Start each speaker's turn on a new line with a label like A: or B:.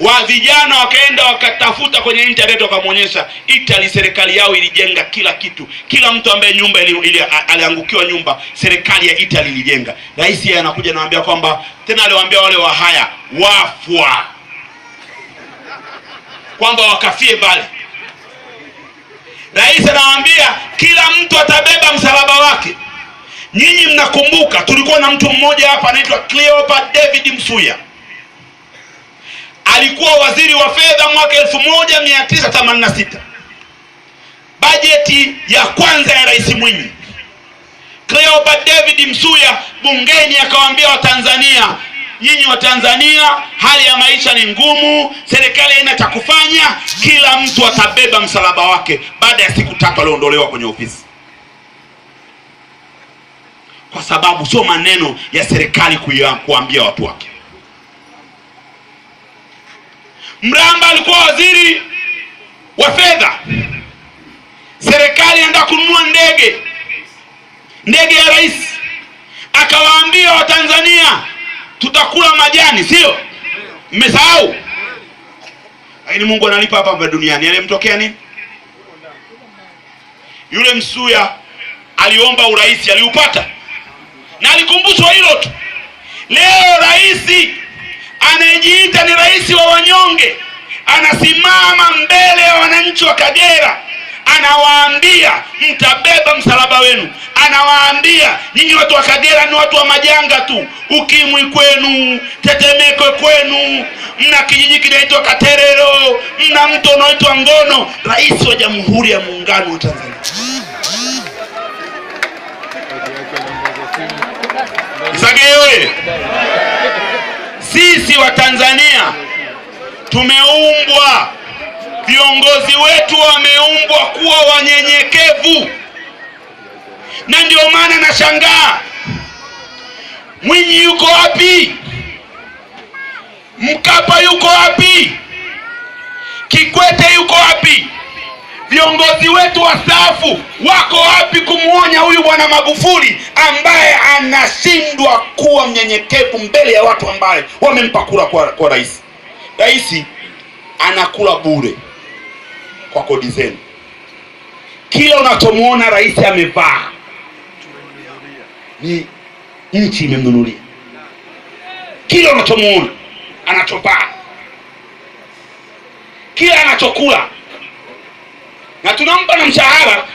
A: wa vijana wakaenda wakatafuta kwenye internet, wakamwonyesha Italy, serikali yao ilijenga kila kitu. Kila mtu ambaye nyumba ili, ili, aliangukiwa nyumba, serikali ya Italy ilijenga. Rais yeye anakuja anawaambia kwamba tena aliwaambia wale wahaya wafwa kwamba wakafie mbali. Rais anawaambia kila mtu atabeba msalaba wake. Nyinyi mnakumbuka tulikuwa na mtu mmoja hapa anaitwa Cleopa David Msuya alikuwa waziri wa fedha mwaka 1986 bajeti ya kwanza ya Rais Mwinyi. Cleopa David Msuya bungeni akawaambia Watanzania, nyinyi Watanzania, hali ya maisha ni ngumu, serikali haina cha kufanya, kila mtu atabeba msalaba wake. Baada ya siku tatu aliondolewa kwenye ofisi, kwa sababu sio maneno ya serikali kuambia watu wake. Mramba alikuwa waziri wa fedha. Serikali inaenda kununua ndege, ndege ya rais, akawaambia Watanzania tutakula majani, sio? Mmesahau? Lakini Mungu analipa hapa hapa duniani. Alimtokea nini? Yule Msuya aliomba urais, aliupata na alikumbushwa hilo tu. Leo rais anayejiita ni rais wa wanyonge anasimama mbele ya wananchi wa Kagera, anawaambia mtabeba msalaba wenu. Anawaambia nyinyi watu wa Kagera ni watu wa majanga tu, ukimwi kwenu, tetemeko kwenu, mna kijiji kinaitwa Katerero, mna mto unaoitwa Ngono. Rais wa Jamhuri ya Muungano wa Tanzania Sage sisi wa Tanzania tumeumbwa, viongozi wetu wameumbwa kuwa wanyenyekevu, na ndio maana nashangaa Mwinyi yuko wapi? Mkapa yuko wapi? Kikwete yuko wapi? Viongozi wetu wastaafu wako wapi kumuonya huyu bwana Magufuli ambaye anashindwa kuwa mnyenyekevu mbele ya watu ambaye wamempa kura kwa, kwa rais. Rais anakula bure kwa kodi zenu. Kila unachomwona rais amevaa ni nchi imemnunulia. Kila unachomwona anachovaa, kila anachokula, na tunampa na mshahara